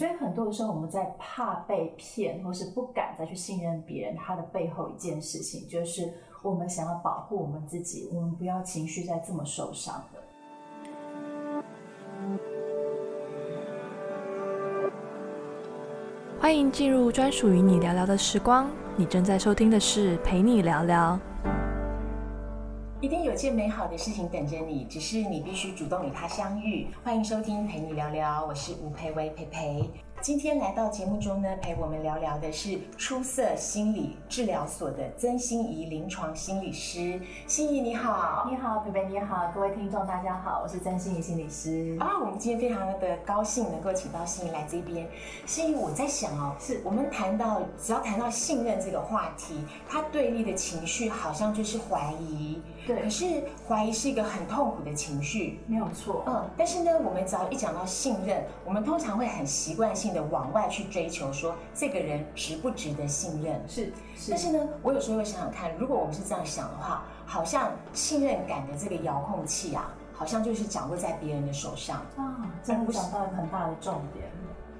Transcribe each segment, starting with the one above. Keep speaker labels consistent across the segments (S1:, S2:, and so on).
S1: 所以很多時候，我們在怕被騙，或是不敢再去信任別人，他的背後一件事情，就是我們想要保護我們自己，我們，嗯，不要情緒再這麼受傷了。
S2: 歡迎進入專屬於你聊聊的時光，你正在收聽的是陪你聊聊。
S1: 一定有件美好的事情等着你，只是你必須主動與它相遇。歡迎收聽《蓓你聊聊》，我是吳蓓薇蓓蓓。今天來到節目中呢，陪我們聊聊的是出色心理治療所的曾心怡臨床心理師。心怡你好。你好，蓓蓓你好，各位聽眾大家好，我是曾心怡心理師。啊、哦，我們今天非常的高興能夠請到心怡來這邊。心怡，我在想哦，是我們談到，只要談到信任這個話題，它對立的情緒好像就是懷疑。對，可是懷疑是一個很痛苦的情緒，沒有錯。嗯，但是呢，我們只要一講到信任，我們通常會很習慣性。的往外去追求說，說這個人值不值得信任是，是但是呢，我有時候會想想看，如果我們是這樣想的話，好像信任感的這個遙控器啊，好像就是掌握在別人的手上
S2: 啊，真的想到一個很
S1: 大的重點。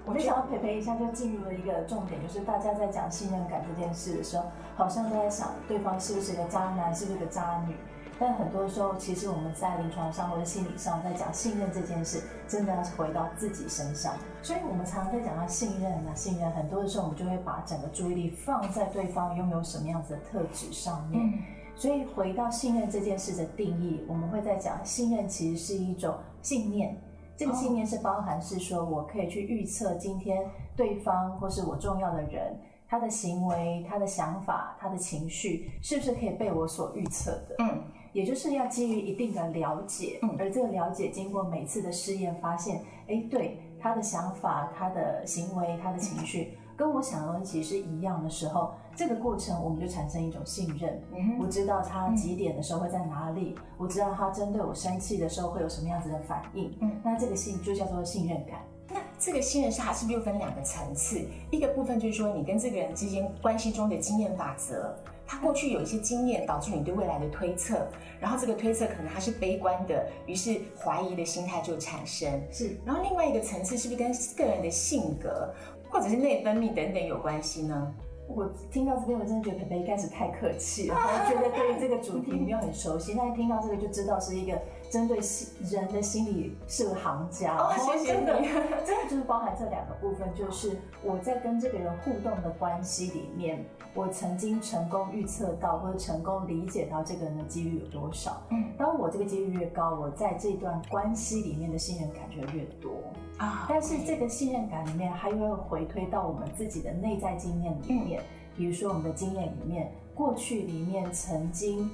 S1: 我就想要陪陪一下，就進入了一個重點，就是大家在講信任感這件事的時候，好像都在想對方是不是個渣男，是不是個渣女。但很多時候，其實我們在臨床上或者心理上，在講信任這件事，真的要是回到自己身上。所以我們常常在講到信任啊，信任很多的時候，我們就會把整個注意力放在對方擁有什麼樣子的特質上面。所以回到信任這件事的定義，我們會在講，信任其實是一種信念。這個信念是包含是說我可以去預測今天對方或是我重要的人，他的行為、他的想法、他的情緒是不是可以被我所預測的。嗯。也就是要基於一定的了解，嗯、而這個了解經過每次的試驗發現，哎，對他的想法、他的行為、他的情緒，嗯、跟我想的其實是一樣的時候，這個過程我們就產生一種信任。嗯、哼我知道他幾點的時候會在哪裡，嗯、我知道他針對我生氣的時候會有什麼樣子的反應。嗯、那這個信就叫做信任感。那這個信任是它是不是又分兩個層次？一個部分就是說你跟這個人之間關係中的經驗法則。他過去有一些經驗，導致你對未來的推測，然後這個推測可能他是悲觀的，於是懷疑的心態就產生。是，然後另外一個層次是不是跟個人的性格或者是內分泌等等有關係呢？我聽到這邊，我真的覺得蓓蓓一開始太客氣了， 我覺得對於這個主題沒有很熟悉， 但一聽到這個就知道是一個。針對心人的心理是個行家，哦，oh, 真的，真的謝 就是包含這兩個部分，就是我在跟這個人互動的關係裡面，我曾經成功預測到或者成功理解到這個人的機率有多少。嗯，當我這個機率越高，我在這段關係裡面的信任感就越多啊。Oh, okay. 但是這個信任感裡面，它又會回推到我們自己的內在經驗裡面，嗯、比如說我們的經驗裡面，過去裡面曾經。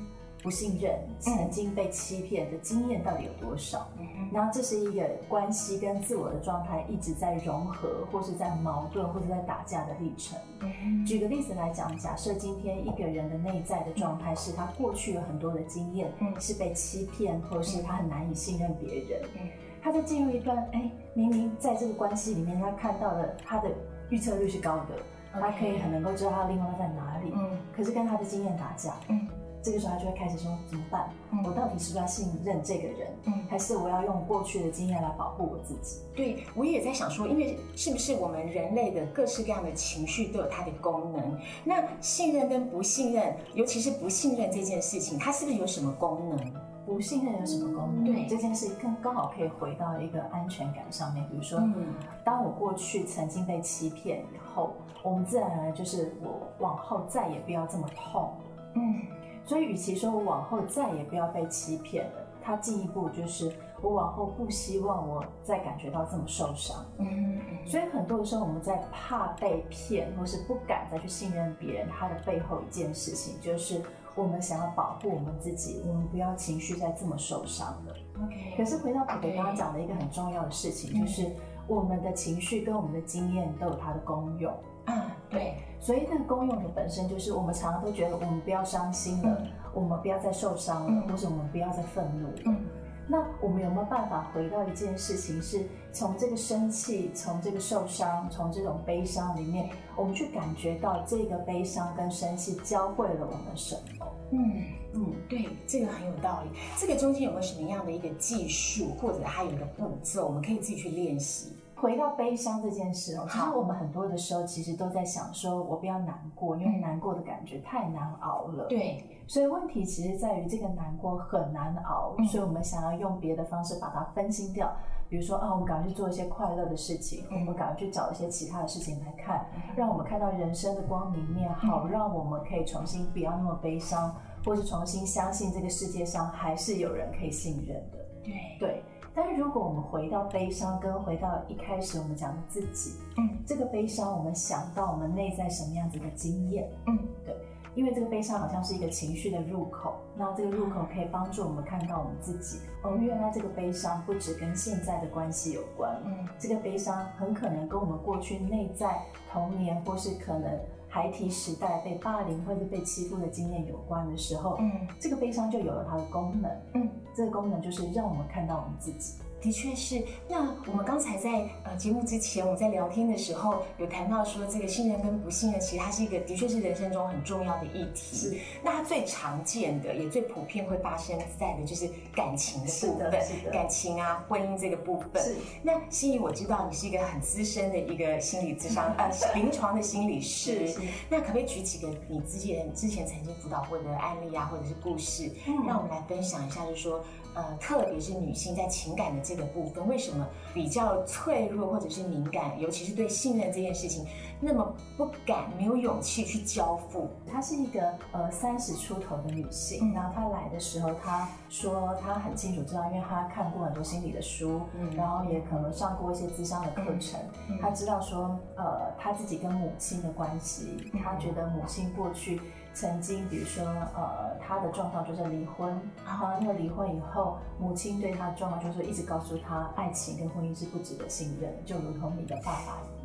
S1: 不信任，曾經被欺騙的經驗到底有多少？嗯嗯、然後這是一個關係跟自我的狀態一直在融合，或是在矛盾，或是在打架的歷程。嗯、舉個例子來講，假設今天一個人的內在的狀態是他過去有很多的經驗，是被欺騙，嗯、或是他很難以信任別人。嗯、他在進入一段誒，明明在這個關係裡面，他看到的他的預測率是高的，Okay, 他可以很能夠知道他另外在哪裡，嗯、可是跟他的經驗打架。嗯這個時候，他就會開始說：“怎麼辦？我到底是不是要信任這個人？還是我要用過去的經驗來保護我自己？”對，我也在想說，因為是不是我們人類的各式各樣的情緒都有它的功能？那信任跟不信任，尤其是不信任這件事情，它是不是有什麼功能？不信任有什麼功能？嗯，對，這件事情剛剛好可以回到一個安全感上面。比如說，嗯，當我過去曾經被欺騙以後，我們自然而然就是我往後再也不要這麼痛。嗯。所以，與其說我往後再也不要被欺騙了，他進一步就是我往後不希望我再感覺到這麼受傷、嗯。嗯，所以很多時候我們在怕被騙，或是不敢再去信任別人，他的背後一件事情就是我們想要保護我們自己，我、嗯、們不要情緒再這麼受傷了。OK。可是回到蓓蓓剛剛講的一個很重要的事情，嗯、就是我們的情緒跟我們的經驗都有它的功用。嗯，對，所以那個功用的本身就是，我們常常都覺得我們不要傷心了，嗯、我們不要再受傷了，嗯、或者我們不要再憤怒了。嗯，那我們有沒有辦法回到一件事情，是從這個生氣，從這個受傷，從這種悲傷裡面，我們去感覺到這個悲傷跟生氣教會了我們什麼？嗯嗯，嗯對，這個很有道理。這個中間有沒有什麼樣的一個技術，或者還有一個步驟，我們可以自己去練習？回到悲傷這件事哦、喔，好其實我們很多的時候其實都在想說，我不要難過，嗯、因為難過的感覺太難熬了。對，所以問題其實在於這個難過很難熬，嗯、所以我們想要用別的方式把它分心掉，嗯、比如說啊，我們趕快去做一些快樂的事情，嗯、我們趕快去找一些其他的事情來看，嗯、讓我們看到人生的光明面，好，嗯、讓我們可以重新不要那麼悲傷，或是重新相信這個世界上還是有人可以信任的。對。對但是如果我們回到悲傷，跟回到一開始我們講的自己，嗯，這個悲傷我們想到我們內在什麼樣子的經驗，嗯，對，因為這個悲傷好像是一個情緒的入口，那這個入口可以幫助我們看到我們自己，啊、哦，原來這個悲傷不止跟現在的關係有關，嗯，這個悲傷很可能跟我們過去內在童年或是可能。孩提時代被霸凌或者被欺負的經驗有關的時候，嗯，這個悲傷就有了它的功能。嗯，這個功能就是讓我們看到我們自己。的確是。那我們剛才在呃節目之前，我們在聊天的時候有談到說，這個信任跟不信任，其實它是一個的確是人生中很重要的議題。是。那它最常見的，也最普遍會發生在的就是感情的部分，感情啊，婚姻這個部分。是。那心怡，我知道你是一個很資深的一個心理諮商 呃，臨床的心理師。 是。那可不可以舉幾個你之前你之前曾經輔導過的案例啊，或者是故事，讓、嗯、我們來分享一下？就是說，呃、特別是女性在情感的這的部分為什麼比較脆弱或者是敏感，尤其是對信任這件事情？那麼不敢，沒有勇氣去交付。她是一個呃三十出頭的女性、嗯，然後她來的時候，她說她很清楚知道，因為她看過很多心理的書，嗯、然後也可能上過一些諮商的課程。嗯嗯、她知道說，呃，她自己跟母親的關係，她覺得母親過去曾經，比如說呃，她的狀況就是離婚，然後那個離婚以後，母親對她的狀況就是一直告訴她，愛情跟婚姻是不值得信任，就如同你的爸爸。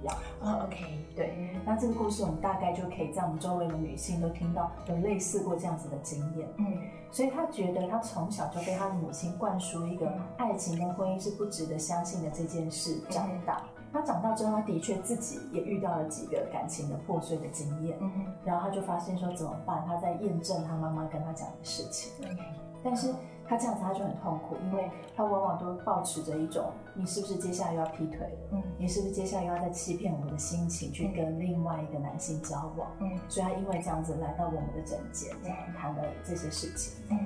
S1: 哦、oh，OK，對，那這個故事我們大概就可以在我們周圍的女性都聽到有類似過這樣子的經驗，嗯，所以他覺得他從小就被他的母親灌輸一個愛情跟婚姻是不值得相信的這件事，長大，他、嗯、長大之後他的確自己也遇到了幾個感情的破碎的經驗，嗯、然後他就發現說怎麼辦？他在驗證他媽媽跟他講的事情，嗯、但是他這樣子他就很痛苦，因為他往往都抱持着一種。你是不是接下來又要劈腿了？嗯，你是不是接下來又要再欺騙我們的心情去跟另外一個男性交往？嗯，所以他因為這樣子來到我們的診間，談了這些事情。嗯，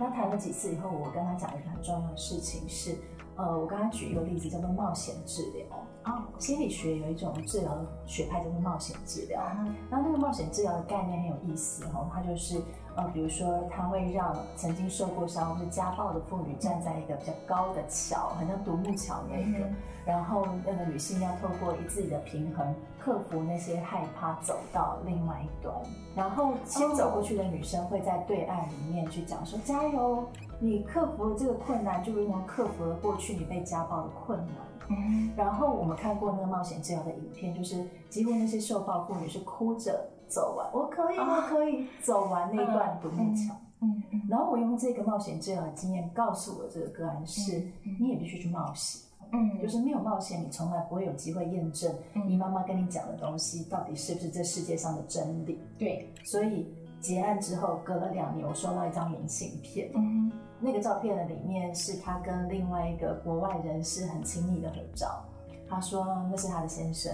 S1: 那談了幾次以後，我跟他講一個很重要的事情是，呃，我剛剛舉一個例子叫做冒險治療。哦，心理學有一種治療學派叫做冒險治療。嗯，然後那個冒險治療的概念很有意思哦，它就是。呃比如說，他會讓曾經受過傷或是家暴的婦女站在一個比較高的橋，好像獨木橋那一個，嗯、然後那個女性要透過自己的平衡克服那些害怕，走到另外一端，然後先走後過去的女生會在對岸裡面去講說：“加油，你克服了這個困難，就如同克服了過去你被家暴的困難。”嗯，然後我們看過那個冒險治療的影片，就是幾乎那些受暴婦女是哭着。走完，啊，我可以，我可以走完，啊哦、那一段獨木橋。嗯嗯。然後我用這個冒險治療的經驗，告訴我這個個案是，嗯嗯、你也必須去冒險。嗯。就是沒有冒險，你從來不會有機會驗證你媽媽跟你講的東西到底是不是這世界上的真理。嗯、對。所以結案之後，隔了兩年，我收到一張明信片。嗯。那個照片的裡面是他跟另外一個國外人士很親密的合照。他說那是他的先生。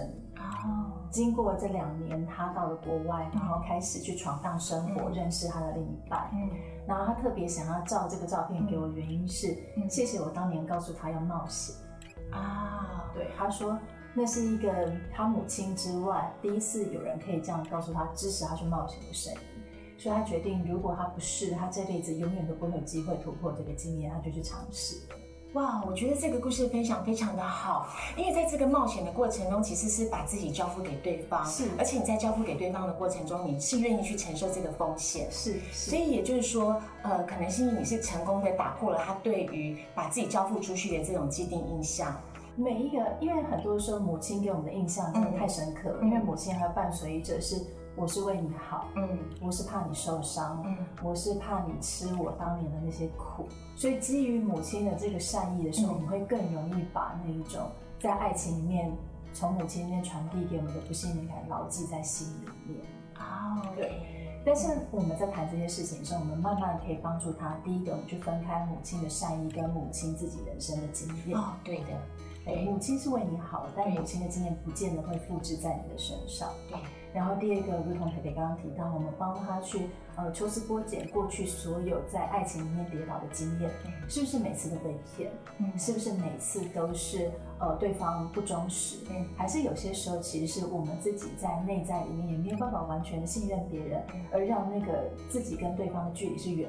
S1: 哦，經過這兩年，他到了國外，然後開始去闖蕩生活，嗯、認識他的另一半。嗯、然後他特別想要照這個照片給我，原因是、嗯、謝謝我當年告訴他要冒險。啊、嗯，對，他說那是一個他母親之外，第一次有人可以這樣告訴他支持他去冒險的聲音。所以他決定，如果他不是，他這輩子永遠都不會有機會突破這個經驗，他就去嘗試。哇，我覺得這個故事分享非常的好，因為在這個冒險的過程中，其實是把自己交付給對方，是，而且你在交付給對方的過程中，你是願意去承受這個風險，是，是所以也就是說，呃，可能是你是成功的打破了他對於把自己交付出去的這種既定印象。每一個，因為很多時候母親給我們的印象真的太深刻了，嗯，因為母親還有伴隨着是。我是為你好，嗯，我是怕你受傷，嗯，我是怕你吃我當年的那些苦，所以基於母親的這個善意的時候，嗯，你會更容易把那一種在愛情裡面從母親那邊傳遞給我們的不信任感牢記在心裡面哦，對。但是我們在談這些事情的時候，我們慢慢可以幫助他。第一個，我們去分開母親的善意跟母親自己人生的經驗。哦，對的。哎，母親是為你好，但母親的經驗不見得會複製在你的身上。對。然後第二個，如同蓓蓓剛剛提到，我們幫他去呃抽絲剝繭，過去所有在愛情裡面跌倒的經驗，是不是每次都被騙？嗯，是不是每次都是呃對方不忠實？嗯，還是有些時候其實是我們自己在內在裡面也沒有辦法完全信任別人，而讓那個自己跟對方的距離是遠。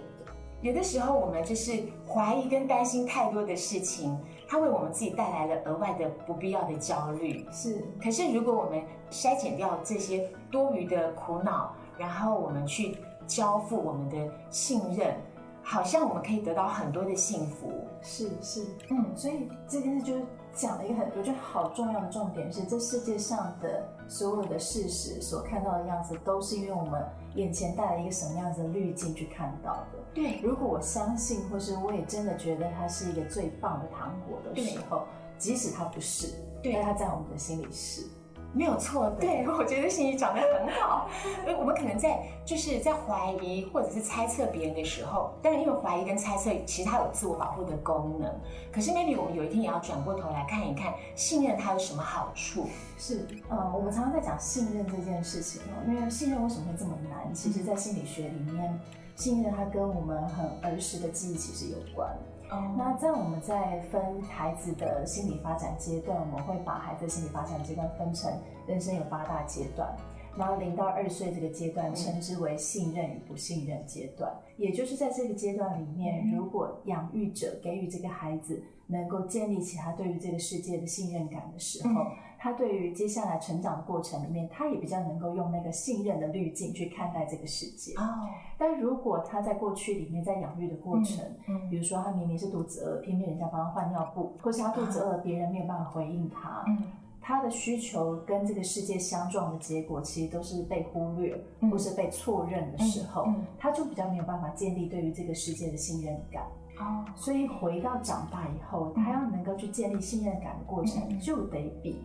S1: 有的時候，我們就是懷疑跟擔心太多的事情，它為我們自己帶來了額外的不必要的焦慮。是。可是，如果我們篩減掉這些多餘的苦惱，然後我們去交付我們的信任，好像我們可以得到很多的幸福。是是，嗯，所以這件事就講了一個很多，我覺得好重要的重點是，這世界上的所有的事實所看到的樣子，都是因為我們。眼前帶了一個什麼樣子的濾鏡去看到的？對，如果我相信，或是我也真的覺得它是一個最棒的糖果的時候，對即使它不是，對但它在我們的心裡是。沒有錯，對，我覺得心怡講得很好。 我們可能在就是在懷疑或者是猜測別人的時候，當然因為懷疑跟猜測，其實它有自我保護的功能。可是，maybe 我們有一天也要轉過頭來看一看，信任它有什麼好處？是，嗯、呃、我們常常在講信任這件事情哦，因為信任為什麼會這麼難？其實，在心理學裡面，嗯、信任它跟我們很兒時的記憶其實有關。Oh. 那在我們在分孩子的心理發展階段，我們會把孩子的心理發展階段分成人生有八大階段，然後零到二歲這個階段稱之為信任與不信任階段，mm hmm. 也就是在這個階段裡面，如果養育者給予這個孩子能夠建立起他對於這個世界的信任感的時候。Mm hmm. 他對於接下來成長的過程裡面，他也比較能夠用那個信任的濾鏡去看待這個世界。哦。但如果他在過去裡面在養育的過程，嗯，嗯比如說他明明是肚子餓，偏偏人家幫他換尿布，或是他肚子餓，哦、別人沒有辦法回應他，嗯、他的需求跟這個世界相撞的結果，其實都是被忽略、嗯、或是被錯認的時候，嗯嗯、他就比較沒有辦法建立對於這個世界的信任感。哦。所以回到長大以後，他要能夠去建立信任感的過程，嗯、就得比。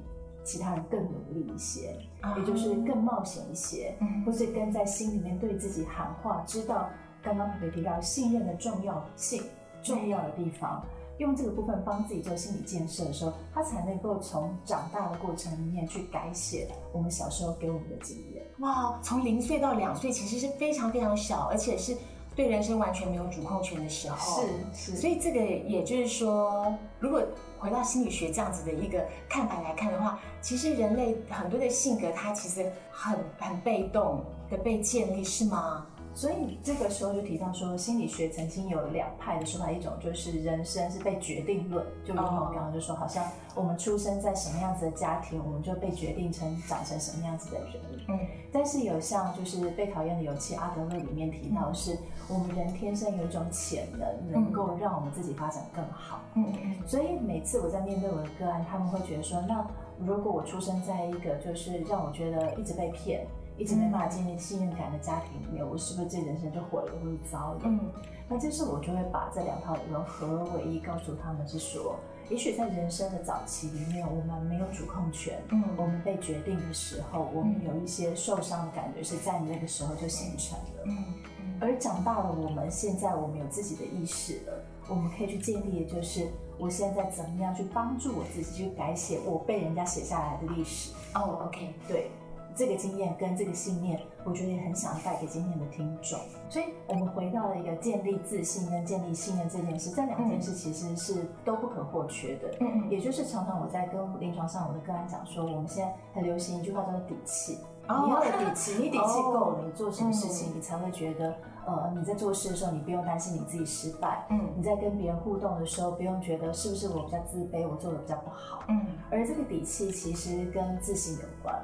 S1: 其他人更努力一些，也就是更冒險一些，或是跟在心裡面對自己喊話，知道剛剛蓓蓓提到信任的重要性，重要的地方，用這個部分幫自己做心理建設的時候，他才能夠從長大的過程裡面去改寫我們小時候給我們的經驗。哇，從零歲到兩歲其實是非常非常小，而且是。對人生完全沒有主控權的時候，是是，是所以這個也就是說，如果回到心理學這樣子的一個看法來看的話，其實人類很多的性格它其實很很被動的被建立，是嗎？所以這個時候就提到說，心理學曾經有兩派的說法，一種就是人生是被決定論，就如同我剛剛就說，好像我們出生在什麼樣子的家庭，我們就被決定成長成什麼樣子的人。嗯。但是有像就是被討厭的勇氣阿德勒裡面提到，是我們人天生有一種潛能，能夠讓我們自己發展更好。嗯。所以每次我在面對我的個案，他們會覺得說，那如果我出生在一個就是讓我覺得一直被騙。一直沒辦法建立信任感的家庭裡面，嗯、我是不是這人生就毀了或者糟了？嗯，那這時我就會把這兩套融合為一，告訴他們是說，也許在人生的早期裡面，我們沒有主控權，嗯，我們被決定的時候，嗯、我們有一些受傷的感覺是在那個時候就形成的。嗯嗯嗯、而長大了，我們現在我們有自己的意識了，我們可以去建立的就是，我現在怎麼樣去幫助我自己，去改寫我被人家寫下來的歷史。哦、oh，OK，對。這個經驗跟這個信念，我覺得也很想要帶給今天的聽眾。所以，我們回到了一個建立自信跟建立信任這件事。這兩件事其實是都不可或缺的。嗯，也就是常常我在跟臨床上我的個案講說，我們現在很流行一句話叫做“底氣”。哦，底氣，你底氣夠了，你做什麼事情，你才會覺得，呃，你在做事的時候，你不用擔心你自己失敗。嗯，你在跟別人互動的時候，不用覺得是不是我比較自卑，我做的比較不好。嗯，而這個底氣其實跟自信有關。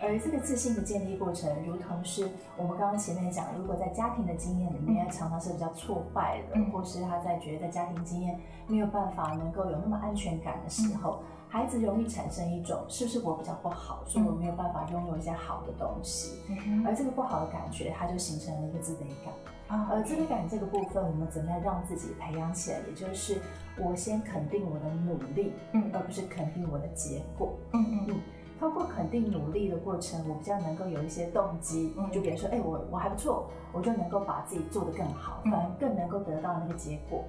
S1: 而這個自信的建立過程，如同是我們剛剛前面講，如果在家庭的經驗裡面常常是比較挫敗的，或是他在覺得家庭經驗沒有辦法能夠有那麼安全感的時候，嗯、孩子容易產生一種是不是我比較不好，所以、嗯、我沒有辦法擁有一些好的東西，嗯嗯、而這個不好的感覺，它就形成了一個自卑感。啊、而自卑感這個部分，嗯、我們怎樣讓自己培養起來？也就是我先肯定我的努力，嗯，而不是肯定我的結果，嗯嗯嗯。嗯嗯通過肯定努力的過程，我比較能夠有一些動機，嗯，就比如說，哎、欸，我我還不錯，我就能夠把自己做得更好，反而、嗯、更能夠得到那個結果。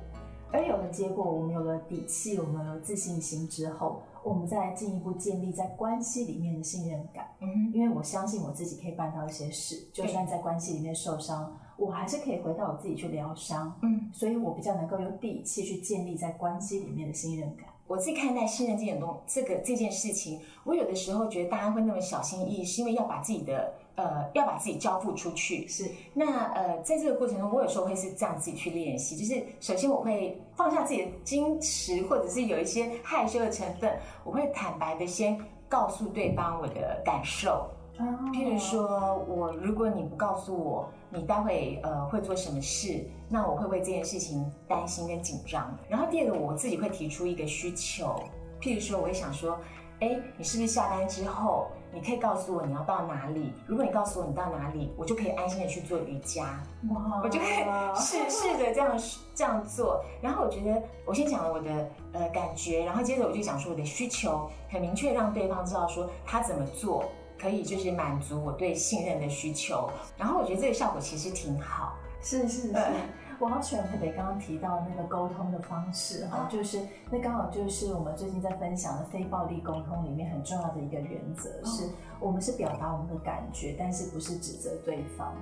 S1: 而有了結果，我們有了底氣，我們有了自信心之後，我們再進一步建立在關係裡面的信任感，嗯，因為我相信我自己可以辦到一些事，就算在關係裡面受傷，嗯、我還是可以回到我自己去療傷，嗯，所以我比較能夠有底氣去建立在關係裡面的信任感。我自己看待信任這點東，這個這件事情，我有的時候覺得大家會那麼小心翼翼，是因為要把自己的呃，要把自己交付出去。是。那呃，在這個過程中，我有時候會是這樣自己去練習，就是首先我會放下自己的矜持，或者是有一些害羞的成分，我會坦白的先告訴對方我的感受。Oh. 譬如說，我如果你不告訴我你待會呃會做什麼事，那我會為這件事情擔心跟緊張。然後第二個我，我自己會提出一個需求，譬如說，我會想說，哎、欸，你是不是下班之後你可以告訴我你要到哪裡？如果你告訴我你到哪裡，我就可以安心的去做瑜伽，Wow. 我就可以試試着這樣這樣做。然後我覺得我先講了我的呃感覺，然後接着我就講說我的需求很明確，讓對方知道說他怎麼做。可以就是滿足我對信任的需求，然後我覺得這個效果其實挺好。是是是，是是嗯、我好喜歡佩佩剛剛提到那個溝通的方式哈、啊，哦、就是那剛好就是我們最近在分享的非暴力溝通裡面很重要的一個原則，是、哦、我們是表達我們的感覺，但是不是指責對方。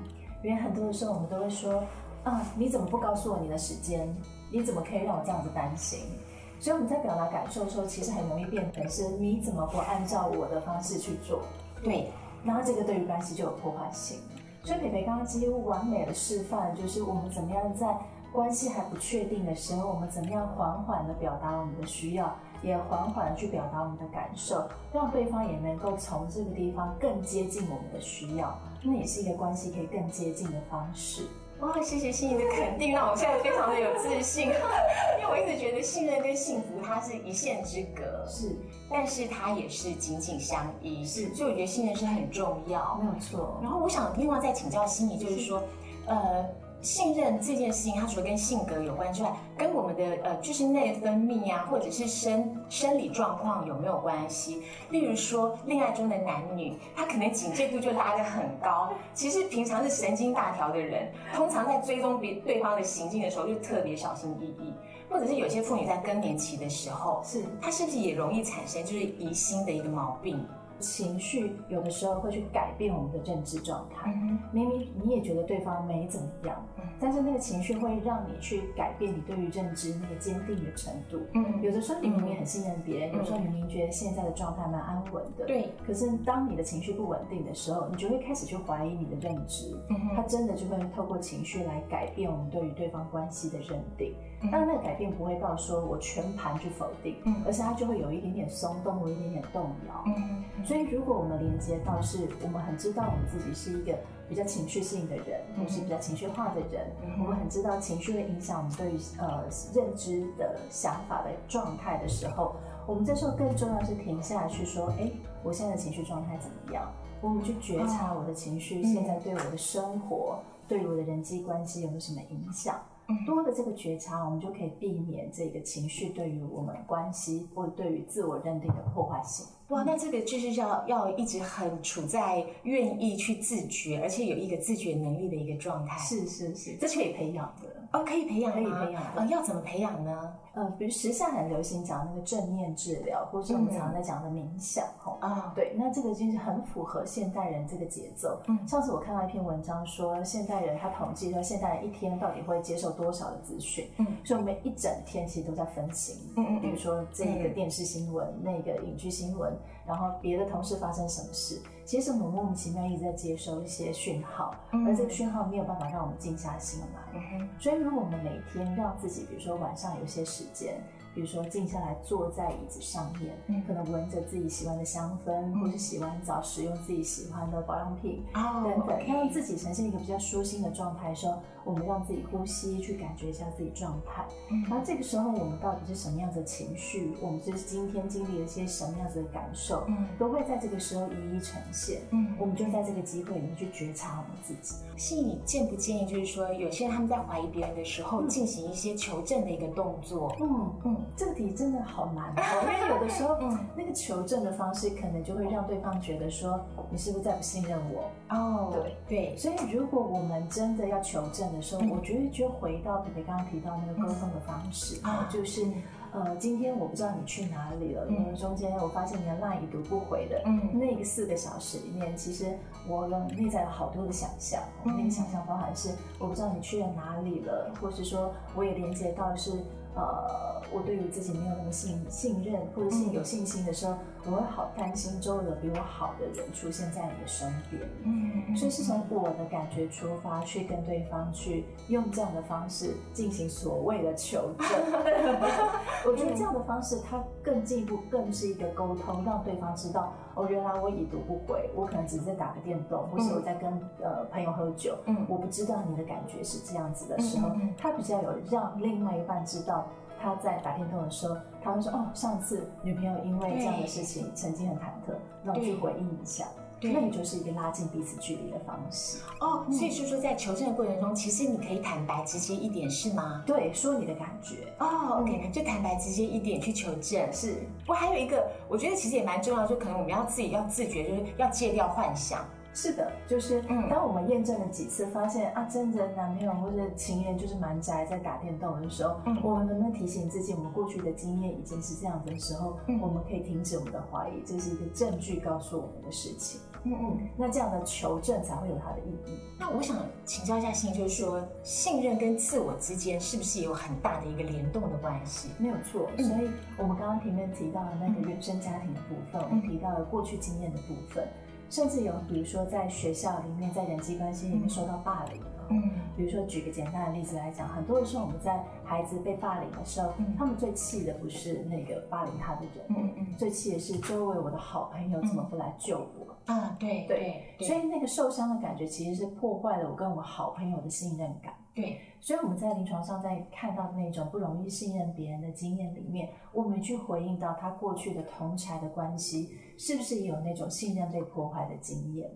S1: 因為很多的時候我們都會說，啊你怎麼不告訴我你的時間？你怎麼可以讓我這樣子擔心？所以我們在表達感受的時候，其實很容易變成是你怎麼不按照我的方式去做？對，然後這個對於關係就有破壞性，所以蓓蓓剛剛幾乎完美的示範，就是我們怎麼樣在關係還不確定的時候，我們怎麼樣緩緩的表達我們的需要，也緩緩地去表達我們的感受，讓對方也能夠從這個地方更接近我們的需要，那也是一個關係可以更接近的方式。哇、哦，謝謝心怡的肯定，讓我現在非常的有自信。因為我一直覺得信任跟幸福，它是一線之隔，是，但是它也是緊緊相依，是。所以我覺得信任是很重要，沒有錯。然後我想另外再請教心怡，就是說，是呃。信任這件事情，它除了跟性格有關之外，跟我們的呃，就是內分泌啊，或者是生生理狀況有沒有關係？例如說，戀愛中的男女，他可能警戒度就拉得很高。其實平常是神經大條的人，通常在追蹤別對方的行徑的時候，就特別小心翼翼。或者是有些婦女在更年期的時候，是她是不是也容易產生就是疑心的一個毛病？情緒有的時候會去改變我們的認知狀態。明明你也覺得對方沒怎麼樣，嗯、但是那個情緒會讓你去改變你對於認知那個堅定的程度。嗯、有的時候你明明很信任別人，嗯、有時候你明明覺得現在的狀態蠻安穩的，對。可是當你的情緒不穩定的時候，你就會開始去懷疑你的認知。他、嗯嗯、真的就會透過情緒來改變我們對於對方關係的認定。當然、嗯，那個改變不會到說我全盤去否定，嗯，而是他就會有一點點鬆動，我有一點點動搖，嗯。嗯所以，如果我們連接到，是我們很知道我們自己是一個比較情緒性的人，嗯、哼或是比較情緒化的人。嗯、哼我們很知道情緒會影響我們對於呃認知的想法的狀態的時候，我們這時候更重要是停下來去說：哎，我現在的情緒狀態怎麼樣？我們去覺察我的情緒現在對我的生活、嗯、對於我的人際關係有沒有什麼影響？多的這個覺察，我們就可以避免這個情緒對於我們關係或對於自我認定的破壞性。哇，那這個就是要要一直很處在願意去自覺，而且有一個自覺能力的一個狀態。是是是，這是可以培養的。是哦，可以培養嗎？啊、嗯，呃，要怎麼培養呢？呃，比如時下很流行講那個正念治療，或是我們常常在講的冥想，吼啊、嗯，哦、對，那這個就是很符合現代人這個節奏。嗯，上次我看到一篇文章說，現代人他統計說，現代人一天到底會接受多少的資訊？嗯，所以我們一整天其實都在分心。嗯，嗯嗯，比如說，這一個電視新聞，嗯嗯那個影劇新聞，然後別的同事發生什麼事。其實我們莫名其妙一直在接收一些訊號，嗯、而這個訊號沒有辦法讓我們靜下心來。嗯、哼所以，如果我們每天讓自己，比如說晚上有些時間，比如說靜下來坐在椅子上面，嗯、可能聞着自己喜歡的香氛，嗯、或是洗完澡使用自己喜歡的保養品，哦、等等，讓、哦、自己呈現一個比較舒心的狀態的時候，我們讓自己呼吸，去感覺一下自己狀態。嗯，然後這個時候我們到底是什麼樣子的情緒？我們就是今天經歷了些什麼樣子的感受？嗯，都會在這個時候一一呈現。嗯，我們就在這個機會裡面去覺察我們自己。心理建不建議，就是說有些人他們在懷疑別人的時候，嗯、進行一些求證的一個動作？嗯嗯，這個題真的好難、哦， 因為有的時候、 嗯、那個求證的方式，可能就會讓對方覺得說你是不是在不信任我？哦，對對，對所以如果我們真的要求證。的時候，我覺得就回到剛剛提到那個溝通的方式，嗯、就是呃，今天我不知道你去哪裡了，因為、嗯、中間我發現你的 LINE 已讀不回的，嗯，那個四個小時裡面，其實我有內在有好多的想象，我、嗯、那個想象包含是我不知道你去了哪裡了，或是說我也連接到是。呃，我對於自己沒有那麼信信任或者是有信心的時候，嗯、我會好擔心周圍有比我好的人出現在你的身邊。嗯，嗯嗯，所以是從我的感覺出發去跟對方去用這樣的方式進行所謂的求證。 我覺得，我覺得這樣的方式它更進一步，更是一個溝通，讓對方知道哦，原來我已讀不回，我可能只是在打個電動，嗯、或是我在跟呃朋友喝酒，嗯，我不知道你的感覺是這樣子的時候，他比較有讓另外一半知道。他在打電動的時候，他會說：“哦，上次女朋友因為這樣的事情，曾經很忐忑，讓我對去回應一下。對”那也就是一個拉近彼此距離的方式。哦，所以就是說在求證的過程中，其實你可以坦白直接一點，是嗎？對，說你的感覺。哦，OK、嗯、就坦白直接一點去求證。是，我還有一個，我覺得其實也蠻重要，就可能我們要自己要自覺，就是要戒掉幻想。是的，就是當我們驗證了幾次，嗯、發現啊，真的男朋友或者情人就是蠻宅，在打電動的時候，嗯、我們能不能提醒自己，我們過去的經驗已經是這樣子的時候，嗯、我們可以停止我們的懷疑，這是一個證據告訴我們的事情。嗯嗯，那這樣的求證才會有它的意義。那我想請教一下心就是說信任跟自我之間是不是有很大的一個聯動的關係？沒有錯，所以我們剛剛前面提到的那個原生家庭的部分，嗯、我們提到了過去經驗的部分。甚至有，比如說在學校裡面，在人際關係裡面受到霸凌。嗯，比如說舉個簡單的例子來講，很多時候我們在孩子被霸凌的時候，嗯、他們最氣的不是那個霸凌他的人，嗯，嗯最氣的是周圍我的好朋友怎麼不來救我？嗯、啊，對對，對對，所以那個受傷的感覺其實是破壞了我跟我好朋友的信任感。對，所以我們在臨床上在看到的那種不容易信任別人的經驗裡面，我們去回應到他過去的同儕的關係是不是也有那種信任被破壞的經驗？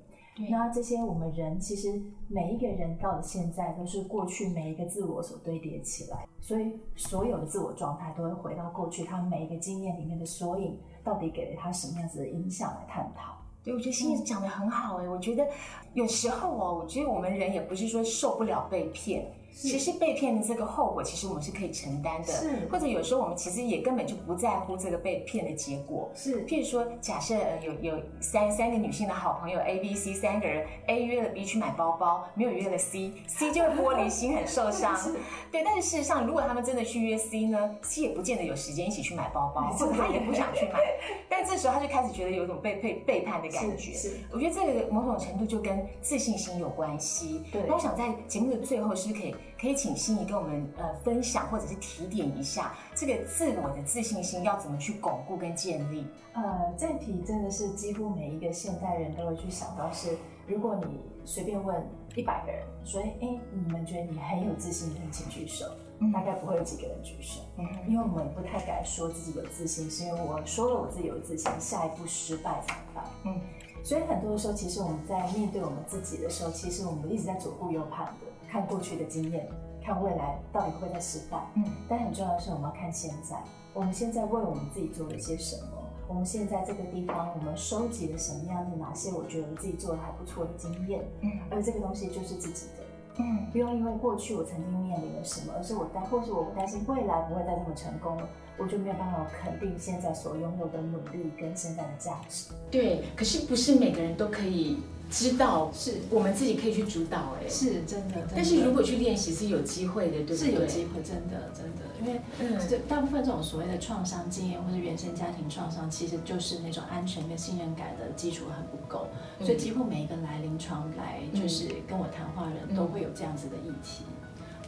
S1: 那這些我們人其實每一個人到了現在都是過去每一個自我所堆疊起來，所以所有的自我狀態都會回到過去他每一個經驗裡面的縮影，到底給了他什麼樣子的影響來探討。對，我覺得心怡講的很好哎、欸，嗯、我覺得有時候哦，我覺得我們人也不是說受不了被騙。是其實被騙的這個後果，其實我們是可以承擔的。是，或者有時候我們其實也根本就不在乎這個被騙的結果。是，譬如說，假設呃有有三三個女性的好朋友 A、B、C 三個人，A 約了 B 去買包包，沒有約了 C，C 就會玻璃心很受傷。 是對，但是事實上，如果他們真的去約 C 呢，C 也不見得有時間一起去買包包，或者是他也不想去買。 但這時候他就開始覺得有一種被被背叛的感覺。是。是。我覺得這個某種程度就跟自信心有關係。對。那我想在節目的最後是不是可以。可以請心怡跟我們呃分享或者是提點一下，這個自我的自信心要怎麼去鞏固跟建立？呃，這題真的是幾乎每一個現代人都會去想到是，如果你隨便問一百個人說，哎，你們覺得你很有自信的，請舉手，大概不會有幾個人舉手，因為我們不太敢說自己有自信，是因為我說了我自己有自信，下一步失敗怎麼辦？嗯，所以很多的時候，其實我們在面對我們自己的時候，其實我們一直在左顧右盼的。看過去的經驗，看未來到底會不會再失敗。嗯，但很重要的是我們要看現在。我們現在為我們自己做了一些什麼？我們現在這個地方，我們收集了什麼樣子，哪些？我覺得我自己做的還不錯的經驗。嗯，而這個東西就是自己的。嗯，不用因為過去我曾經面臨了什麼，而是我擔，或是我不擔心未來不會再這麼成功了，我就沒有辦法肯定現在所擁有的努力跟現在的價值。對，可是不是每個人都可以。知道是我們自己可以去主導、欸，哎，是真的。對對對，但是如果去練習是有機會的，對不對？是有機會，真的真的。因為嗯，大部分這種所謂的創傷經驗或者原生家庭創傷，其實就是那種安全跟信任感的基礎很不夠。所以幾乎每一個來臨床來就是跟我談話的人都會有這樣子的議題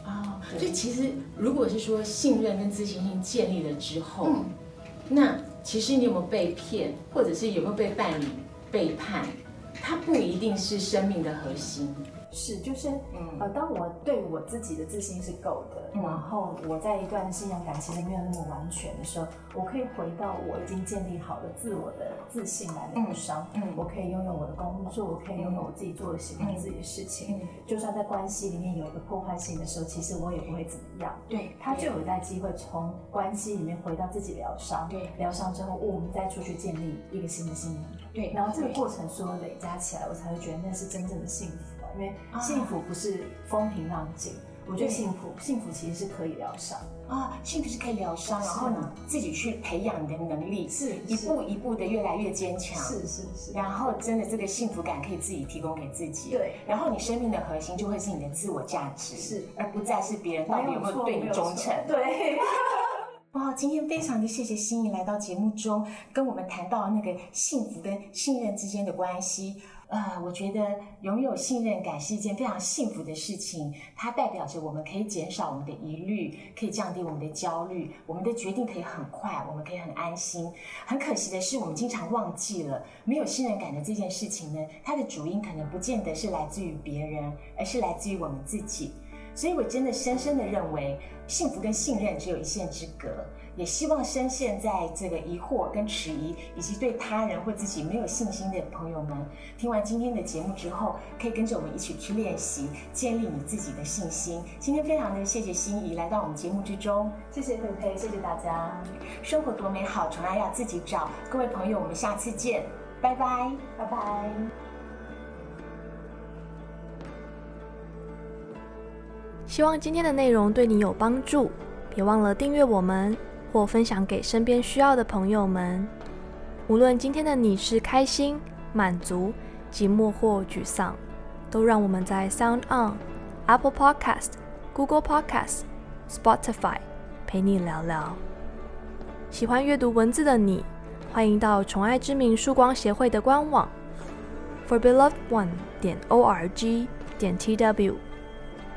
S1: 啊。嗯哦、所以其實如果是說信任跟自信心建立了之後，嗯、那其實你有沒有被騙，或者是有沒有被伴侶背叛，它不一定是生命的核心，是就是，呃，當我對我自己的自信是夠的，嗯、然後我在一段信任感其實沒有那麼完全的時候，我可以回到我已經建立好了自我的自信來療傷，嗯，嗯，我可以擁有我的工作，我可以擁有我自己做的喜歡、嗯、自己的事情，嗯、就算在關係裡面有一個破壞性的時候，其實我也不會怎麼樣，對，他就有在機會從關係裡面回到自己療傷，對，療傷之後我們再出去建立一個新的信任。對，然後這個過程說累加起來，我才會覺得那是真正的幸福啊！因為幸福不是風平浪靜，我覺得幸福，對幸福其實是可以療傷啊，幸福是可以療傷。嗎然後你自己去培養你的能力，是，是一步一步的越來越堅強，是是是。是然後真的這個幸福感可以自己提供給自己，對。然後你生命的核心就會是你的自我價值，是，而不再是別人，到底有沒有對你忠誠？對。 哇，今天非常的謝謝心怡來到節目中，跟我們談到那個幸福跟信任之間的關係。呃，我覺得擁有信任感是一件非常幸福的事情，它代表着我們可以減少我們的疑慮，可以降低我們的焦慮，我們的決定可以很快，我們可以很安心。很可惜的是，我們經常忘記了沒有信任感的這件事情呢，它的主因可能不見得是來自於別人，而是來自於我們自己。所以我真的深深的認為。幸福跟信任只有一線之隔，也希望深陷在這個疑惑、跟遲疑，以及對他人或自己沒有信心的朋友們，聽完今天的節目之後，可以跟着我們一起去練習，建立你自己的信心。今天非常的謝謝心怡來到我們節目之中，謝謝蓓蓓，謝謝大家。生活多美好，從來要自己找。各位朋友，我們下次見，拜拜，拜拜。
S2: 希望今天的內容對你有幫助，別忘了訂閱我們或分享給身邊需要的朋友們。無論今天的你是開心、滿足、寂寞或沮喪，都讓我們在 Sound On、Apple Podcast、Google Podcast、Spotify 陪你聊聊。喜歡閱讀文字的你，歡迎到寵愛之名曙光協會的官網 ForBelovedOne 點 org 點 tw。